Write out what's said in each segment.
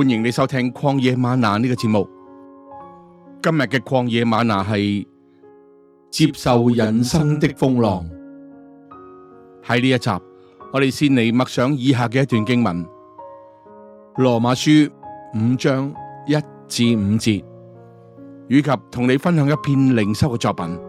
歡迎你收聽曠野嗎哪呢個節目。今日嘅曠野嗎哪係接受人生的風浪。喺呢一集，我哋先嚟默想以下嘅一段經文：羅馬書五章一至五節，以及同你分享一篇靈修嘅作品。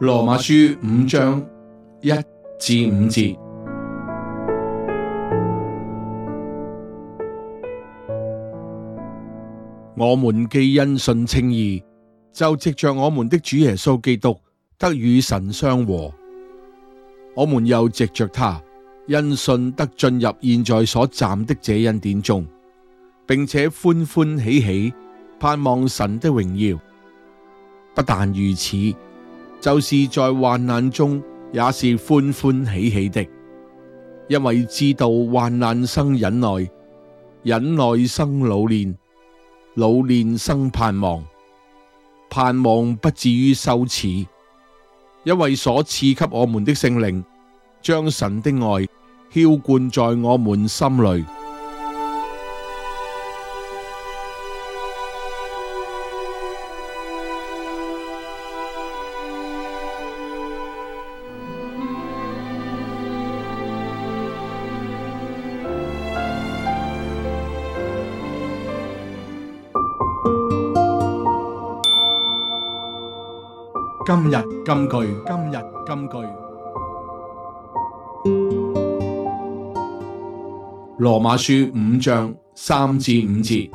羅馬書五章一至五節，我們既因信稱義，就藉着我們的主耶穌基督得與神相和。我們又藉着祂，因信得進入現在所站的這恩典中，並且歡歡喜喜盼望神的榮耀。不但如此。就是在患難中也是歡歡喜喜的，因為知道患難生忍耐，忍耐生老練，老練生盼望，盼望不至於羞恥。因為所賜給我們的聖靈，將神的愛澆灌在我們心裏。今日金句，今日金句。羅馬書五章三至五節，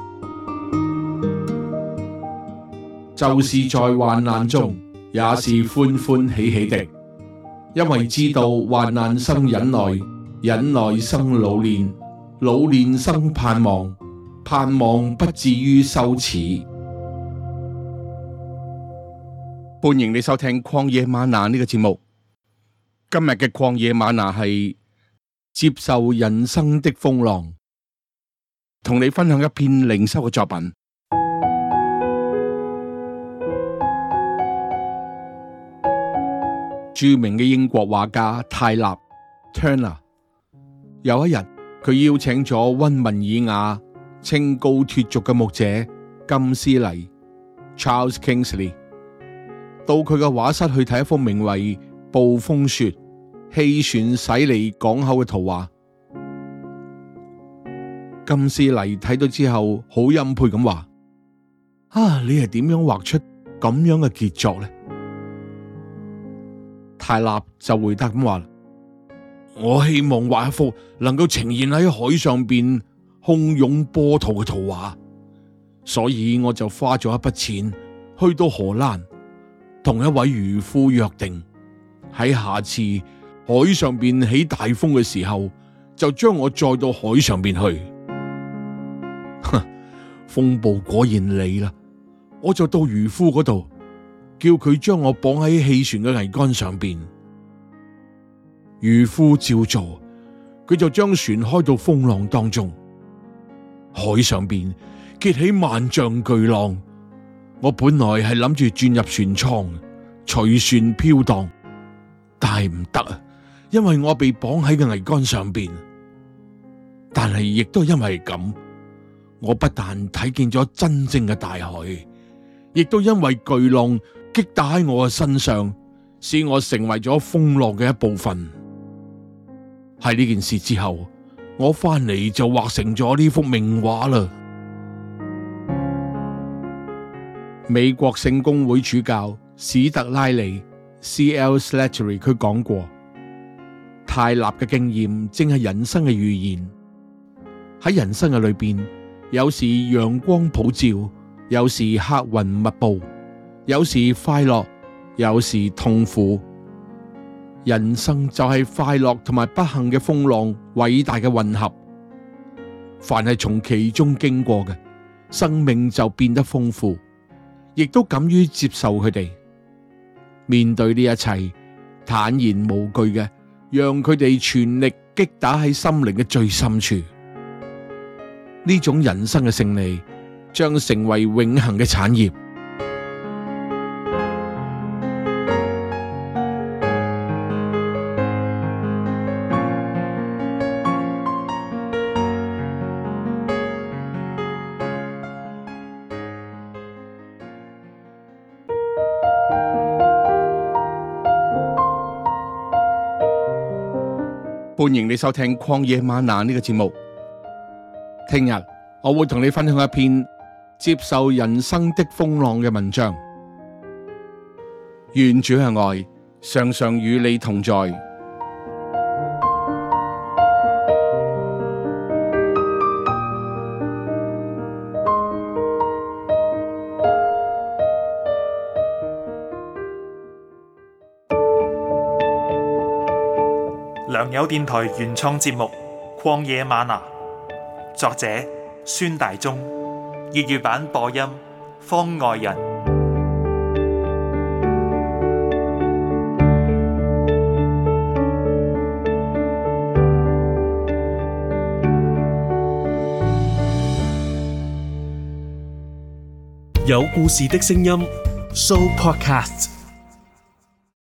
就是在患難中，也是歡歡喜喜的，因為知道患難生忍耐，忍耐生老練，老練生盼望，盼望不至於羞恥。歡迎你收聽曠野嗎哪呢個節目。今日嘅曠野嗎哪係接受人生的風浪，同你分享一篇靈修嘅作品。著名嘅英國畫家泰納 Turner 有一日，佢邀請咗溫文爾雅、清高脫俗嘅牧者金斯禮 Charles Kingsley。到佢嘅畫室去睇一幅名為《暴風雪汽船駛離港口》嘅圖畫。金斯尼睇到之後，好欽佩咁話：，啊，你係點樣畫出咁樣嘅傑作咧？泰納就回答咁話：，我希望畫一幅能夠呈現喺海上邊洶湧波濤嘅圖畫，所以我就花咗一筆錢去到荷蘭。同一位漁夫約定，喺下次海上邊起大風嘅時候，就將我載到海上邊去。風暴果然嚟啦，我就到漁夫嗰度，叫佢將我綁喺汽船嘅桅杆上邊。漁夫照做，佢就將船開到風浪當中，海上邊結起萬丈巨浪。我本來係諗住轉入船艙隨船飄蕩，但係唔得啊，因為我被綁喺個桅杆上邊。但係亦都因為咁，我不但睇見咗真正嘅大海，亦都因為巨浪擊打喺我嘅身上，使我成為咗風浪嘅一部分。喺呢件事之後，我翻嚟就畫成咗呢幅名畫啦。美國聖公會主教史特拉尼 c L. Slattery） 佢講過：泰納嘅經驗正係人生嘅預言。喺人生嘅裏邊，有時陽光普照，有時黑雲密佈，有時快樂，有時痛苦。人生就係快樂同埋不幸嘅風浪，偉大嘅混合。凡係從其中經過嘅，生命就變得豐富。亦都敢於接受佢哋，面對呢一切，坦然無懼嘅，讓佢哋全力擊打喺心靈嘅最深處。呢種人生嘅勝利，將成為永恆嘅產業。歡迎你收聽曠野嗎哪呢個節目。聽日我會同你分享一篇接受人生的風浪嘅文章。願主嘅愛，常常與你同在。良友電台原創節目《曠野嗎哪》，作者：孫大中，粵語版播音：方外人。有故事的聲音，Show Podcast。